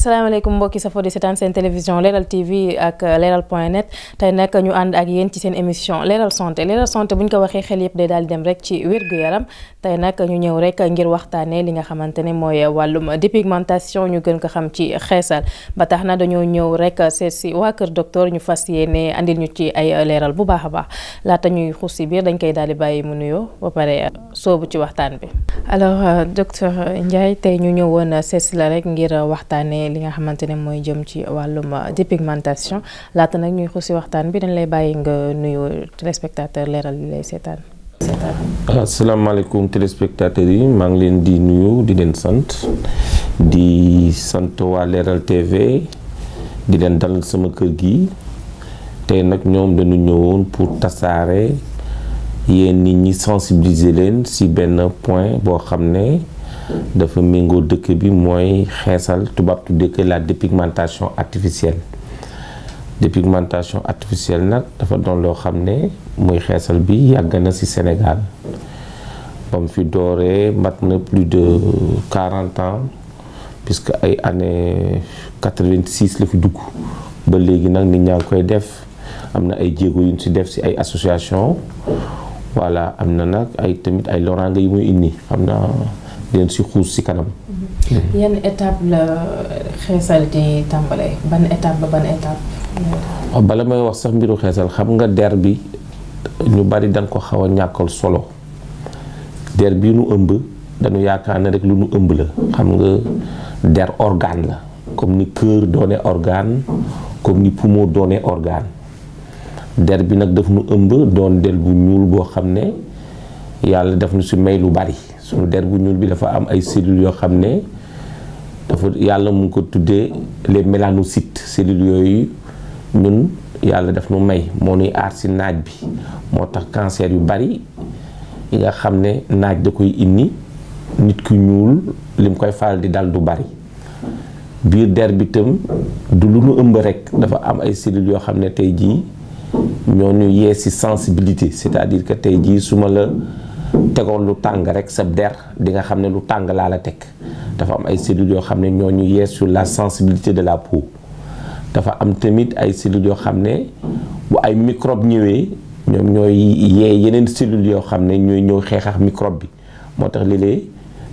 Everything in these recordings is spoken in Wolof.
asalaamaaleykum mbokki sa di seetaan seen télévision leeral TV ak euh, leeral point net tey nag ñu ànd ak yéen ci seen émission leeral santé leeral santé bu ñu ko waxee xel yëpp day daal dem rek ci wér-gu-yaram tey nag ñu ñëw rek ngir waxtaanee li nga xamante ne mooy wàllum dépigmentation ñu gën ko xam ci xeesal ba tax na dañoo ñëw rek seet si waa kër docteur ñu fas yéene andil ñu ci ay leeral bu baax a baax laata ñuy xuus si biir dañ koy daal di bàyyi mu nuyoo ba pare euh, soobu ci waxtaan bi. alors euh, docteur Ndiaye tey ñu ñëwoon sees la rek ngir waxtaanee li nga xamante ne mooy jëm ci wàllum dépigmentation laata nag ñuy xusi waxtaan bi dañ lay bàyyi nga nuyu téléspectateur leeral li lay seetaan. asalaamaaleykum ah, téléspectateurs yi maa ngi leen di nuyu di leen sant di sant waa leeral TV di leen dalal sama kër gi tey nag ñoom dañu ñëwoon pour tasaare. yéen nit ñi sensibiliser leen si benn point boo xam ne dafa méngoo dëkk bi mooy xeesal tubaab tuddee que la dépigmentation artificielle dépigmentation artificielle nag dafa doon loo xam ne muy xeesal bi yàgg na si Sénégal ba mu fi dooree mat na plus de quarante ans que ay année quatre-vingt-six la fi dugg ba léegi nag nit ñaa ngi koy def am na ay jéego yu ñu ci def si ay association voilà am na nag ay tamit ay loraange yu muy indi xam naa leen si xuus si kanam. Mm-hmm. yan étape la xeesal di tàmbalee ban étape ba ban étape. Ah, bala may wax sax mbiru xeesal xam nga der bi ñu bari dañ ko xaw a ñàkkal solo der bi nu ëmb dañu yaakaar ne rek lu nu ëmb la xam nga der organe la comme ni cœur doone organe comme ni poumon doone organe. der bi nag daf nu ëmb doon del bu ñuul boo xam ne yàlla daf nu si may lu bari sunu der bu ñuul bi dafa am ay cellules yoo xam ne dafa yàlla mu ngi ko tuddee les mélanocytes cellules yooyu ñun yàlla daf nu may moo nuy aar si naaj bi moo tax cancer yu bari yi nga xam ne naaj da koy indi nit ku ñuul lim koy faral di dal du bari biir der bi tam du lu nu ëmb rek dafa am ay cellules yoo xam ne tey jii ñoo ñu yee si sensibilité cest a dire que tey jii suma la tegoon lu tàng rek sa der di nga xam ne lu tàng laa la teg dafa am ay cellules yoo xam ne ñoo ñu yee la sensibilité de la peau dafa am tamit ay cellules yoo xam ne bu ay microbe ñëwee ñooy yee yeneen cellules yoo xam ne ñooy ñëw xeex ak bi moo tax léeg-léeg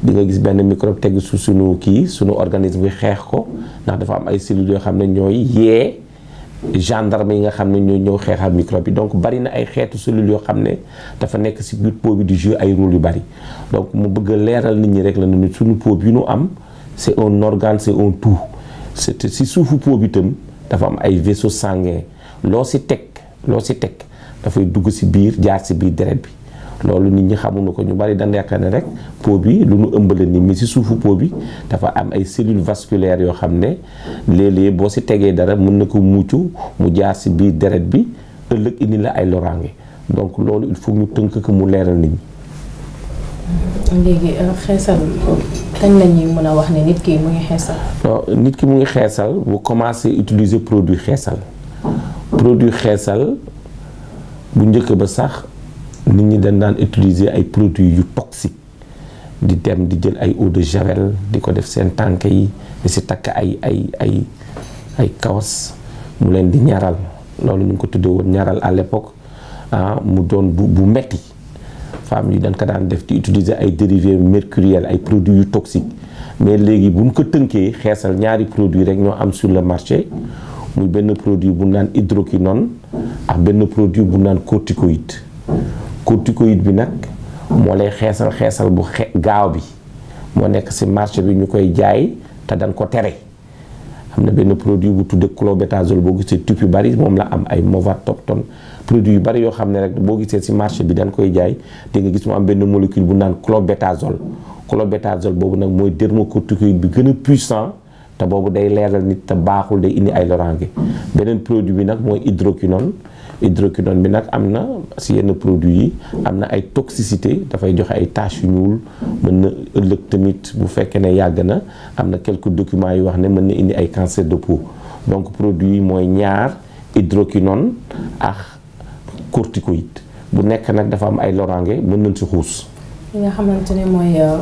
di nga gis benn microbe teg su sunu kii sunu organisme bi xeex ko ndax dafa am ay cellules yoo xam ne ñooy yee gendarme yi nga xam ne ñoo ñëw xeexam microbe bi donc bari na ay xeetu cellules yoo xam ne dafa nekk si biir peau bi di jouer ay rôle yu bari donc mu bëgg leeral nit ñi rek la nit suñu poob yu ñu am c'est un organe c'est un tout c'est si suufu peau bi itam dafa am ay vaisseaux sanguins loo si teg loo si teg dafay dugg si biir jaar si biir deret bi loolu nit ñi xamuñu ko ñu bari dañ yaakaar rek po bi lu nu ëmbale nit mais si suufu po bi dafa am ay cellules vasculaires yoo xam ne léeg-léeg boo si tegee dara mën na ko mucc mu jaar si biir deret bi ëllëg indi la ay loraange donc loolu il ñu tënk ko mu leeral nit ñi. léegi euh, xeesal kañ la ñuy mën a wax ne nit ki mu ngi xeesal. nit ki mu ngi xeesal bu commencé utiliser produit xeesal. produit xeesal bu njëkk ba sax. nit ñi dañ daan utiliser ay produits yu toxique di dem di jël ay eau de javel di ko def seen tànk yi di si takk ay ay ay ay kawas mu leen di ñaral loolu ñu ngi ko tuddee woon ñaral à l'époque ah, mu doon bu bu metti femmes yi dañ ko daan def di utiliser ay dérivés mercuriels ay produits yu toxiques mais léegi bu ñu ko tënkee xeesal ñaari produits rek ñoo am sur le marché muy benn produit bu naan hydroquinone ak benn produit bu naan corticoïde corticoïde bi nag moo lay xeesal xeesal bu xe gaaw bi moo nekk ci marché bi ñu koy jaay te dañ ko tere am na benn produit bu tudde clobétasol boo gisee tube yu bari moom la am ay Movatoxone produit yu bari yoo xam ne rek boo gisee ci marché bi dañ koy jaay te nga gis mu am benn molécule bu naan clobétasol clobétasol boobu nag mooy dermocorticoïde bi gën a puissant te boobu day leeral nit te baaxul day indi ay loraange beneen produit bi nag mooy hydroquinone hydroquinone bi nag am na si yenn produit yi am na ay toxicité dafay joxe ay taches yu ñuul mën na ëllëg tamit bu fekkee ne yàgg na am na quelques document yi wax ne mën na indi ay cancer de peau donc produit yi mooy ñaar hydroquinone ax corticoïde bu nekk nag dafa am ay lorange mën nañ si xuus. li xamante ne mooy euh,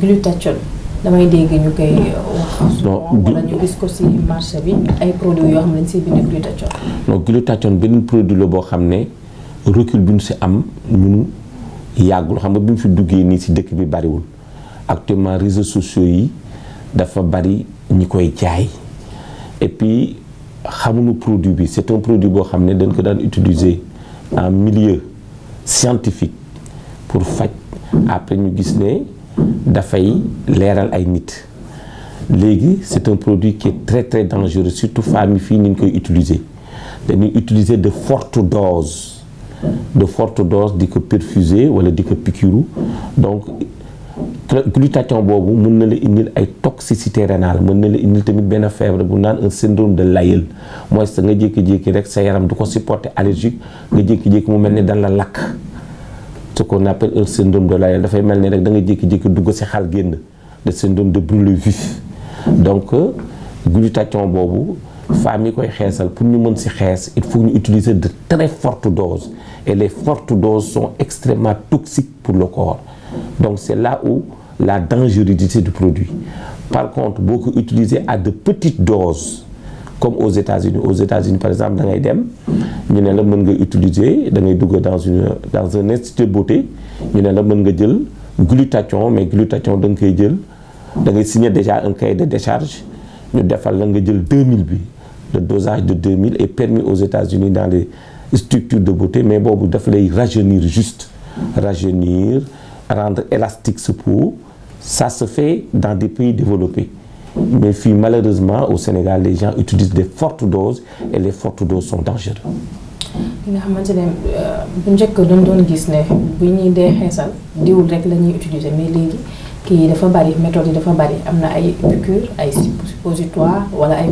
glutathione. damay dégg ñu koy wax. wala ñu gis ko si marché bi ay produits yoo xam ne dañ siy bind glutathione. non glutathione produit la boo xam ne recul bi ñu si am ñun yàggul xam nga bi mu fi duggee nii si dëkk bi bariwul actuellement réseau sociaux yi dafa bari ñu koy jaay et puis xamuñu produit bi c'est produit boo xam ne dañ ko daan utiliser en milieu scientifique pour faj après ñu gis ne. dafay leeral ay nit léegi c' est un produit qui est très très dangereux surtout femmes yi fii ni ñu koy utiliser dañuy utiliser de fort dose de fort dose di ko perfuser wala di ko piqûru donc glutathion boobu mun na la indil ay toxicité rénale mën na la indil tamit benn feebar bu naan un syndrome de Lyell mooy sa nga jékki-jékki rek sa yaram du ko supporter allergique nga jékki-jékki mu mel ni dan la lakk ce qu'on appelle un syndrome de Layel dafay mel ni rek da nga jékki-jékki dugg si xal génn le syndrome de brûlure vif donc euh, glutathion boobu faam yi koy xeesal pour ñu mën si xees il faut ñu utiliser de très fortes doses et les fortes doses son extrêmement toxiques pour le corps donc c'est là où la dangerosité du produit par contre boo ko utiliser à de petites doses comme aux États-Unis aux États-Unis par exemple dangay ngay dem ñu ne la mën nga utiliser da ngay dugg dans une dans un institut de beauté ñu ne la mën nga jël glutathion mais glutathion da nga koy jël da ngay signer déjà un cahier de décharge ñu defal la nga jël 2000 bi le dosage de 2000 est permis aux États-Unis dans les structures de beauté mais boobu daf lay rajeunir juste rajeunir rendre élastique sa peau ça sa fait dans des pays développés mais fii malheureusement au Sénégal les gens utilisent de fortes doses et les fortes doses sont dangereuses. li nga xamante ne euh, njëkk dañ gis ne bu ñuy dee xeesal diwul yi dafa bari dafa bari am na ay piqûre ay suppositoire wala ay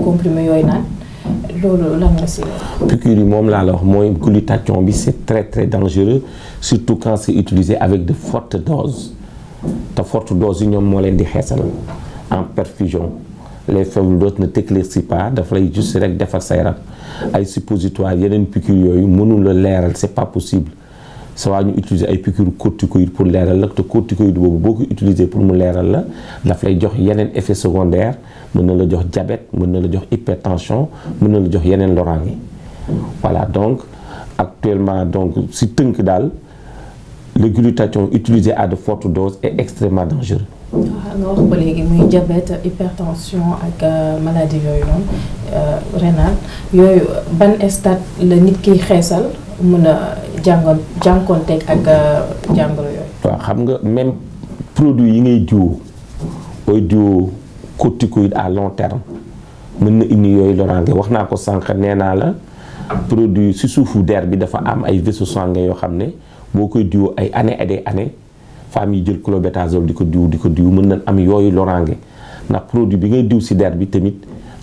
moom laa la wax mooy glutathion bi c'est très très dangereux surtout quand utilisé avec de fortes doses te fortes doses yi ñoom moo leen di xeesal. en perfusion les faibles doses ne t'éclaircit pas dafa lay juste rek defar sa yaram ay suppositoire yeneen piqûre yooyu mënul la leeral c'est pas possible sa waa ñu utiliser ay piqûre corticoïde pour leeral la te corticoïde boobu boo ko utiliser pour mu leeral la daf lay jox yeneen effet secondaire mën na la jox diabète mën na la jox hypertension mën na la jox yeneen loraange voilà donc actuellement donc si tënk daal le glutathion utilisé à d fortes doses est extrêmement dangereux waaw euh, nga wax ko léegi muy diabète hypertension ak euh, maladie yooyu noonu euh, yooyu ban stade la nit kiy xeesal mën a jàngoon jànkoonteeg ak jàngoro yooyu. waaw xam nga même produit yi ngay diwoo booy diwoo corticoïde à long terme mën na indi yooyu loraange wax naa ko sànq nee naa la produit si suufu der bi dafa am ay vaisseaux sanguins yoo xam ne boo koy diwoo ay années et des années. femmes yi jël clobétasol di ko diw di ko diw mën nañ am yooyu loraange ndax produit bi ngay diw si der bi tamit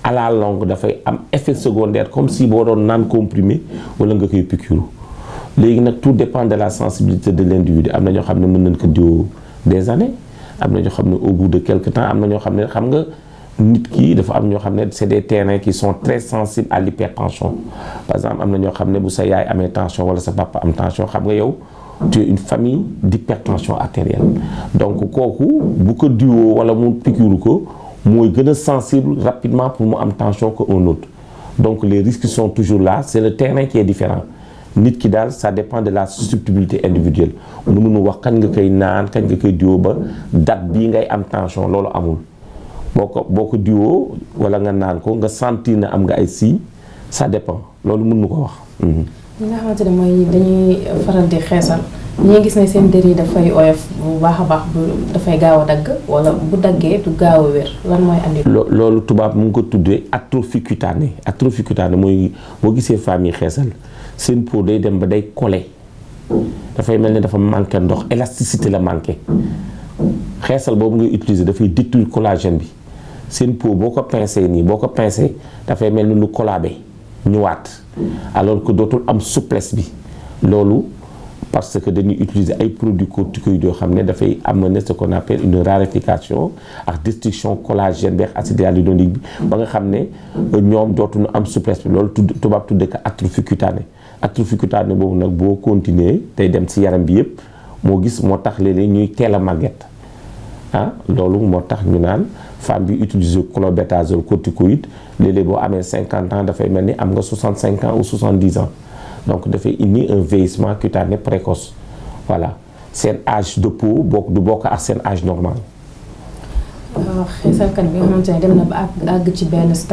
à la longue dafay am effet secondaire comme si boo doon naan comprimé wala nga koy piqûre léegi nag tout dépend de la sensibilité de l'individu am na ñoo xam ne mën nañ ko diw des années am na ñoo xam ne au bout de quelque temps am na ñoo xam ne xam nga nit ki dafa am ñoo xam ne c'est des terrains qui son très sensibles à l'hypertension par exemple am ñoo xam ne bu sa yaay amee tension wala sa papa xam nga yow tu une famille d'hypertension artérielle donc kooku bu ko diwoo wala mu piqûre ko mooy gën a sensible rapidement pour mu am tension ko un autre donc les risques sont toujours là c'est le terrain qui différent nit ki daal sa dépend de la susceptibilité individuelle nu mënu wax kañ nga koy naan kañ nga koy diwoo ba date bii ngay am tension loolu amul boo ko boo ko diwoo wala nga naan ko nga sentir na am nga ay signes ça dépend loolu mën nu ko wax mhm. ñi nga xamante ne mooy dañuy faral di xeesal ñi gis ne seen dër yi dafay oyof bu baax a baax bu dafay gaaw a dagg wala bu daggee du gaaw a wér lan mooy andi. loolu tubaab mu ngi ko tuddee atrophie cutanée atrophie cutanée mooy boo gisee femmes yi xeesal seen peau day dem ba day collé dafay mel ni dafa manqué ndox élasticité la manqué xeesal boobu ngay utiliser dafay détruire collagène bi seen peau boo ko pincé nii boo ko pincé dafay mel ni lu collabé ñëwaat. alors que dootul am souplesse bi loolu parce que dañuy utiliser ay produits corticoïdes yoo xam ne dafay amener ce qu'on appelle une raréfication ak collage collagène beex acide hyaluronique bi ba nga xam ne euh, ñoom dootuñu am souplesse bi loolu tudd tubaab tudde ko atrophie cutanée atrophie cutanée boobu nag boo continuer tey dem ci yaram bi yëpp moo gis moo tax léeg ñuy teel a màgget ah loolu moo tax ñu naan femme bi utiliser clobétasol corticoïde léeg-léeg boo amee 50 ans dafay mel ni am nga 65 ans ou 70 ans donc dafay indi un vieillissement cutané précoce voilà seen âge de peau bokk du bokk ak seen âge normal. bi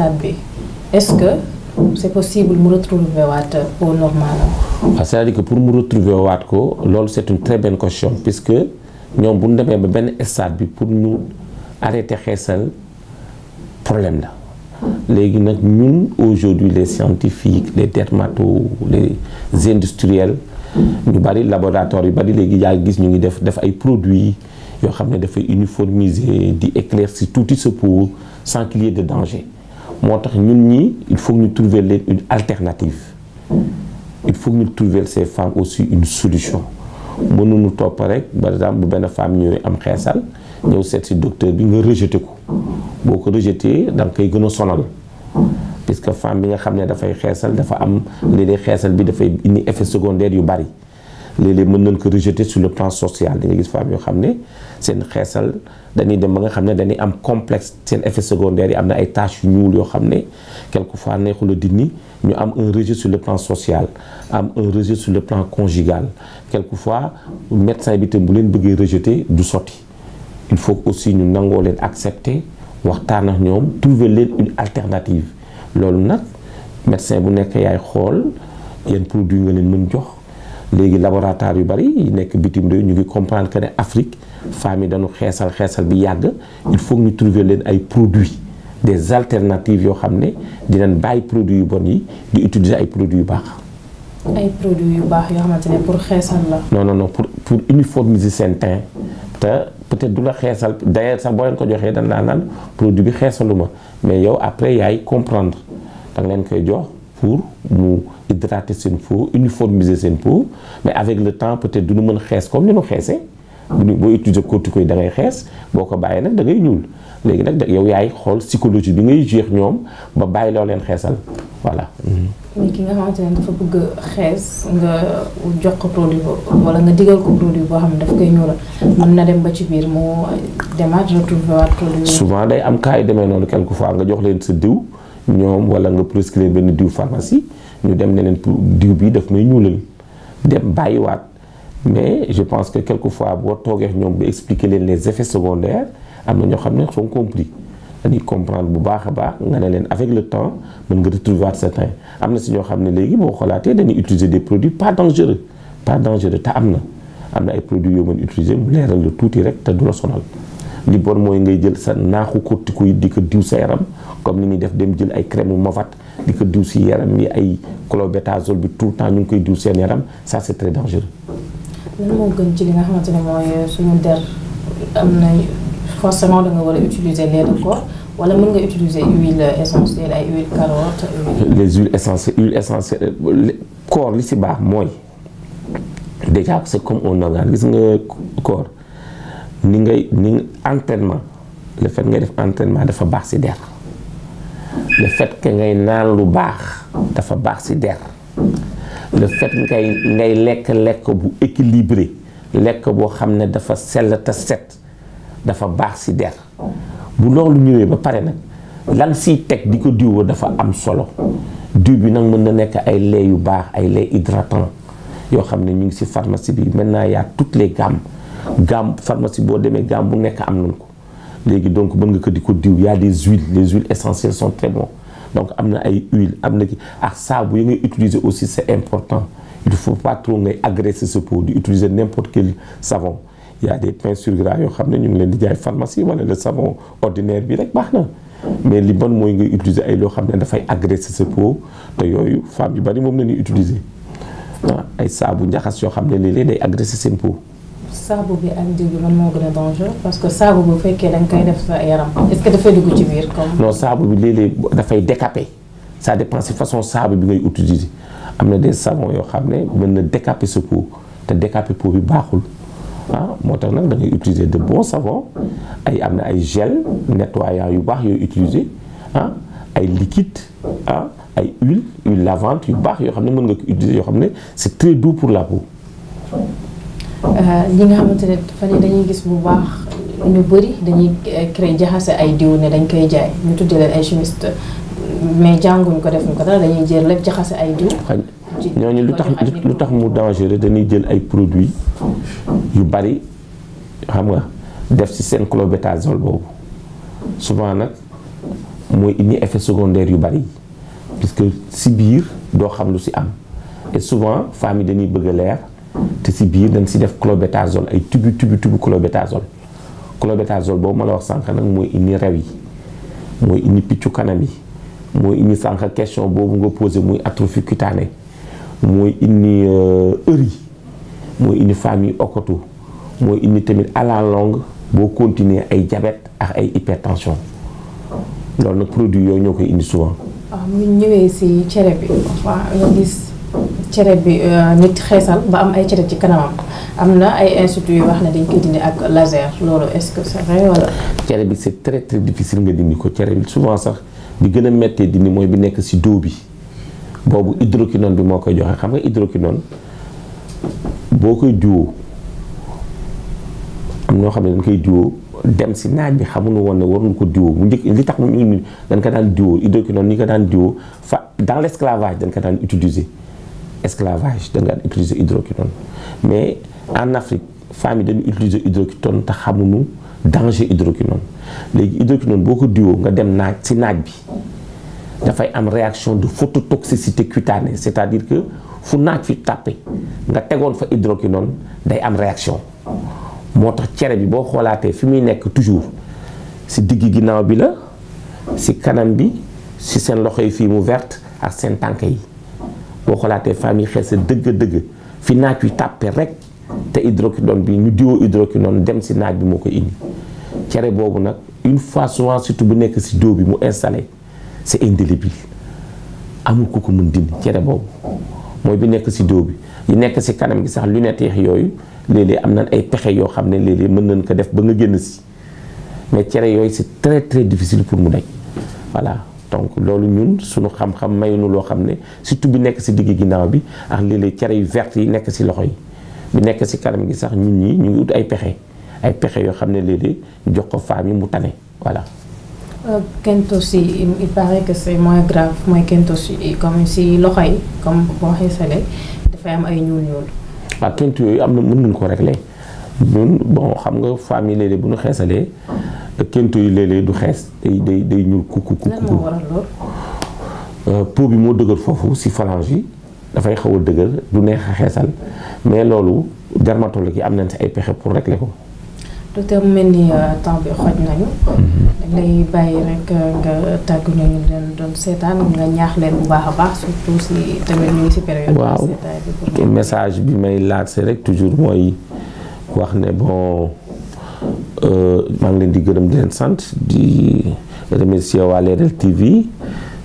nga ce que c'est possible mu retrouver waat peau normale waaw c'est-à-dire que pour mu retrouver waat ko loolu c'est une très bonne question puisque ñoom bu ñu demee ba benn stade bi pour ñu. arrêté xeesal problème la léegi nag ñun aujourd'hui les scientifiques les dermatos les industriels ñu bari laboratoire yu bari léegi yaa gis ñu ngi def def ay produits yoo xam ne dafay uniformiser di éclaircir tuuti sa peau sans de danger moo tax ñun ñi il faut ñu trouvel leen une alternative il faut ñu trouvel ces femmes aussi une solution mënuñu topp rek par exemple bu benn femme ñëwee am xeesal ñëw seet si docteur bi nga rejeté ko boo ko rejeté da nga koy gën a parce que femme bi nga xam ne dafay xeesal dafa am léeg-léeg xeesal bi dafay indi effet secondaire yu bari léeg mën nañ ko rejeter su le plan social da gis femme yoo xam ne seen xeesal dañuy dem ba nga xam ne dañuy am complexe seen effet secondaire yi am na ay taches yu ñuul yoo xam ne quelquefois neexul a dindi ñu am un rejet le plan social am un rejet sur le plan conjugal quelquefois médecin bi tam bu leen bëggee rejeter du sotti. il faut aussi ñu nangoo leen accepter waxtaan ak ñoom trouver leen une alternative loolu nag médecin bu nekk yaay xool yan produit nga leen mën jox léegi laboratoire yu bari yi nekk bitim de ñu ngi comprendre que ne Afrique femmes yi dañu xeesal xeesal bi yàgg il faut ñu trouver leen ay produits des alternatives yoo xam ne di dinañ bàyyi produit yu bon yi di utiliser ay produit yu baax. ay produits yu baax yoo xamante ne pour xeesal la. non non non pour pour seen teint peut-être du la xeesal d'ailleurs sax boo leen ko joxee dañ laa naan produit bi xeesaluma mais yow après yaay comprendre da nga leen koy jox pour mu hydrater seen peau uniformiser seen pour mais avec le temps peut-être du ñu mën xees comme ni ñu xeesee. bu boo utiliser corticoïde da dangay xees boo ko bàyyi nag dangay ngay ñuul léegi nag yow yaay xool psychologie bi ngay jeex ñoom ba bàyyi loo leen xeesal. voilà. mais nga xamante bëgg xees jox ko produit wala nga digal ko produit boo xam ne daf koy ñuulal mën na dem ba ci biir mu demaat retrouver waat souvent day am cas demee noonu quelque fois nga jox leen sa diw ñoom wala nga prescrire benn diw pharmacie ñu dem ne leen diw bi daf may ñuulal dem bàyyiwaat mais je pense que quelque fois boo toogee ñoom ba expliquer leen les effets secondaires am na ñoo xam ne sont compris dañuy comprendre bu baax a baax nga ne leen avec le temps mën nga retrouver certain am na si ñoo xam ne léegi boo xalaatee dañuy utiliser des produits pas dangereux pas dangereux te am na am na ay produits yoo mën utiliser mu leeral la tuuti rek te du la sonal li bon mooy ngay jël sa naaxu corticoïde di ko diw sa yaram comme ni ñuy def dem jël ay crème Movat di ko diw si yaram yi ay clobétasol bi tout le temps ñu ngi koy diw seen yaram ça c'est très dangereux. forcément da war a utiliser lait de coco wala mën nga utiliser huile essentielle ay huile carotte. les huiles essentielles li si baax mooy déjà c'est comme un organe gis nga koor ni ngay ni entraînement le fait ngay def entraînement dafa baax si der le fait ngay naan lu baax dafa baax si der le fait ngay ngay lekk lekk bu équilibré lekk boo xam ne dafa sell te set. dafa baax si der bu loolu ñëwee ba pare nag lan si teg di ko diwoo dafa am solo diw bi nag mën na nekk ay lait yu baax ay lait hydratant yoo xam ne ñu ngi si pharmacie bi maintenant y a toutes les gammes gamme pharmacie boo demee gamme bu nekk am nañ ko léegi donc mën nga ko di ko diw y a des huiles les huiles essentielles sont très bon donc am na ay huile am na ki ak saabu yi ngay utiliser aussi c'est important il faut pas trop ngay agresser ce produit utiliser yaa a des pincures gras yoo xam ne ñu ngi leen di jaay pharmacie wala le savon ordinaire bi rek baax na mais li bon mooy nga utiliser ay loo xam ne dafay agresser sa peau te yooyu femme yu bari moom la ñuy utiliser ah ay saabu njaxas yoo xam ne léeg-léeg day agresser seen peau. saabu parce que saabu bu fekkee da sa saabu bi léeg dafay décaper ça dépend si façon saabu bi ngay utiliser am na des savons yoo xam ne mën na décaper sa peau te décaper peau bi baaxul. ah moo tax nag da ngay utiliser de bons savons ay am na ay gel nettoyant yu baax yooyu utiliser ah, ay liquide ah ay huile huile lavante yu baax yoo xam ne mën nga ko utiliser yoo xam ne c'est très doux pour la peau. Euh, ñi nga xamante ne fan yi dañuy gis bu baax ñu bëri dañuy euh, créer jaxase ay diw ne dañ koy jaay ñu tuddee leen ay chimiste mais jànguñ ko defuñ ko dara dañuy jël lépp jaxase ay diw. ñooñu lu tax lu tax mu dangereux dañuy jël ay produits yu bari xam nga def si seen clobétasol boobu souvent nag mooy indi effet secondaire yu bari que si biir doo xam lu si am et souvent femmes yi dañuy bëgg a leer te si biir dañ si def clobétasol ay tubi tubi tubi clobétasol clobétasol boobu ma la wax sànq nag mooy indi rew yi mooy indi piccu kanam yi mooy indi sànq question boobu nga posé muy atrophie cutanée mooy indi heure yi mooy indi femmes yi okkatu mooy indi tamit à longue boo continuer ay jabet ak ay hypertension loolu nag produit yooyu ñoo koy indi souvent. waaw ah, ñëwee si cere bi waaw nga gis cere bi euh, nit xeesal ba am ay cere ci kanamam am na ay instituts yu wax ne dañ koy dindi ak laser loolu est-ce cere bi c'est très très difficile ko cere bi sax bi gën a méttee dindi mooy bi nekk si doo bi. boobu hydroquinone bi moo koy joxe xam nga hydroquinone boo koy diwoo am noo xam ne dañ koy diwoo dem si naaj bi xamuñu woon ne waruñu ko diwoo mu njëkk li tax mu ñu dañ ko daan diwoo hydroquinone ñi ko daan diwoo fa dans l' esclavage dañ ko daan utiliser esclavage dañ ko daan utiliser hydroquinone mais en Afrique femmes yi dañu utiliser hydroquinone te xamuñu danger hydroquinone léegi hydroquinone boo ko diwoo nga dem naaj si naaj bi dafay am réaction de phototoxicité cutanée c'est-à-dire que fu naaj fi tàppe nga tegoon fa hydroquinone day am réaction moo tax cere bi boo xoolaatee fi muy nekk toujours si digg ginnaaw bi la si kanam bi si seen loxo yi fii mu verte ak seen tànk yi boo xoolaatee famille xees dëgg-dëgg fi naaj wi tàppe rek te hydroquinone bi ñu diwoo hydroquinone dem si naaj bi moo ko indi cere boobu nag une fois souvent surtout bu nekk si dóo bi mu installé c'est indélébile amul ku ko mën dindi cere boobu mooy bi nekk si dóo bi yi nekk si kanam gi sax lunette yeex yooyu léeg-léeg am nañ ay pexe yoo xam ne léeg-léeg mën nañ ko def ba nga génn si mais cere yooyu c'est très très difficile pour mu daj voilà donc loolu ñun suñu xam-xam mayuñu loo xam ne surtout bi nekk si digg ginnaaw bi ak léeg-léeg cere yu vert yi nekk si loxo yi bi nekk si kanam gi sax ñun ñi ñu ngi ut ay pexe ay pexe yoo xam ne léeg-léeg jox ko femme yi mu tane voilà Euh, kentosi il paraît que c'est moins grave mooy kentosi comme si loxo yi comme boo xeesalee dafay am ay ñuul ñuul. waaw kentu yooyu am na mën nañ ko régler ñun bon xam nga famille léeg-léeg bu ñu xeesalee kentu yi léeg du xees day day day ñuul kukku kukku. lan moo waral euh, bi moo dëgër foofu si phalange yi dafay xaw a dëgër du neex a xeesal mais loolu dermatologue yi am nañ si ay pexe pour régler ko. docteur ni euh, temps bi xoj nañu. Mm-hmm. dañ lay bàyyi rek euh, nga tàggu ñu leen doon seetaan nga ñaax leen bu baax baax surtout si tamit ñu ngi si période. waaw message bi may lancé rek toujours mooy wax ne bon euh, maa ngi leen di gërëm di leen sant di remercier waa Leral TV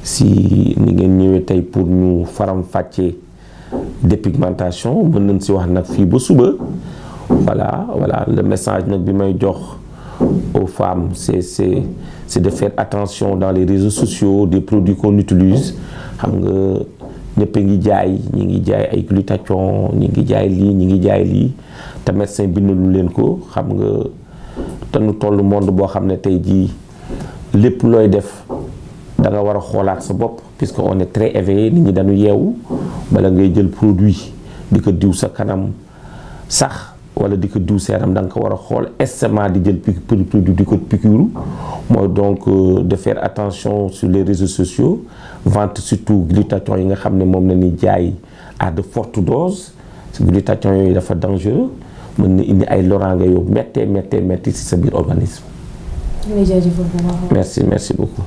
si ni ngeen ñëwee tey pour ñu faram-fàccee dépigmentation mën nañ si wax nag fii ba suba. voilà voilà le message nag bi may jox aux femmes c'est c'est c'est de faire attention dans les réseaux sociaux des produits qu'on utilise xam nga ñëpp a ngi jaay ñi ngi jaay ay glutathion ñi ngi jaay lii ñi ngi jaay lii te médecin bindalu leen ko xam nga te nu toll monde boo xam ne tey jii lépp looy def danga war a xoolaat sa bopp puisque on est très éveillé nit ñi dañu yeewu bala ngay jël produit di ko diw sa kanam sax wala di ko diw seeram da nga ko war a xool estomac di jël produit di ko piqûre mooy donc euh, de faire attention sur les réseaux sociaux vente surtout glutathion yi nga xam ne moom na ñuy jaay à de dose doses glutathion yooyu dafa dangereux mën na indi ay loraange yow méttee méttee métti ci sa biir organisme. merci merci beaucoup.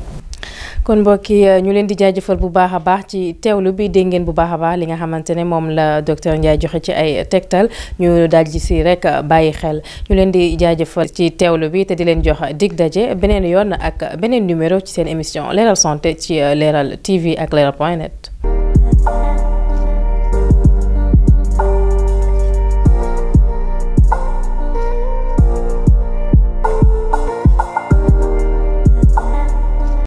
kon mbokk yi euh, ñu leen di jaajëfal bu baax a baax ci teewlu bi dégg ngeen bu baax a baax li nga xamante ne moom la docteur Ndiaye joxe ci ay tegtal ñu daal di si rek bàyyi xel ñu leen di jaajëfal ci teewlu bi te di leen jox dig daje beneen yoon ak beneen numéro ci seen émission leeral santé ci euh, leeral TV ak leeral point net.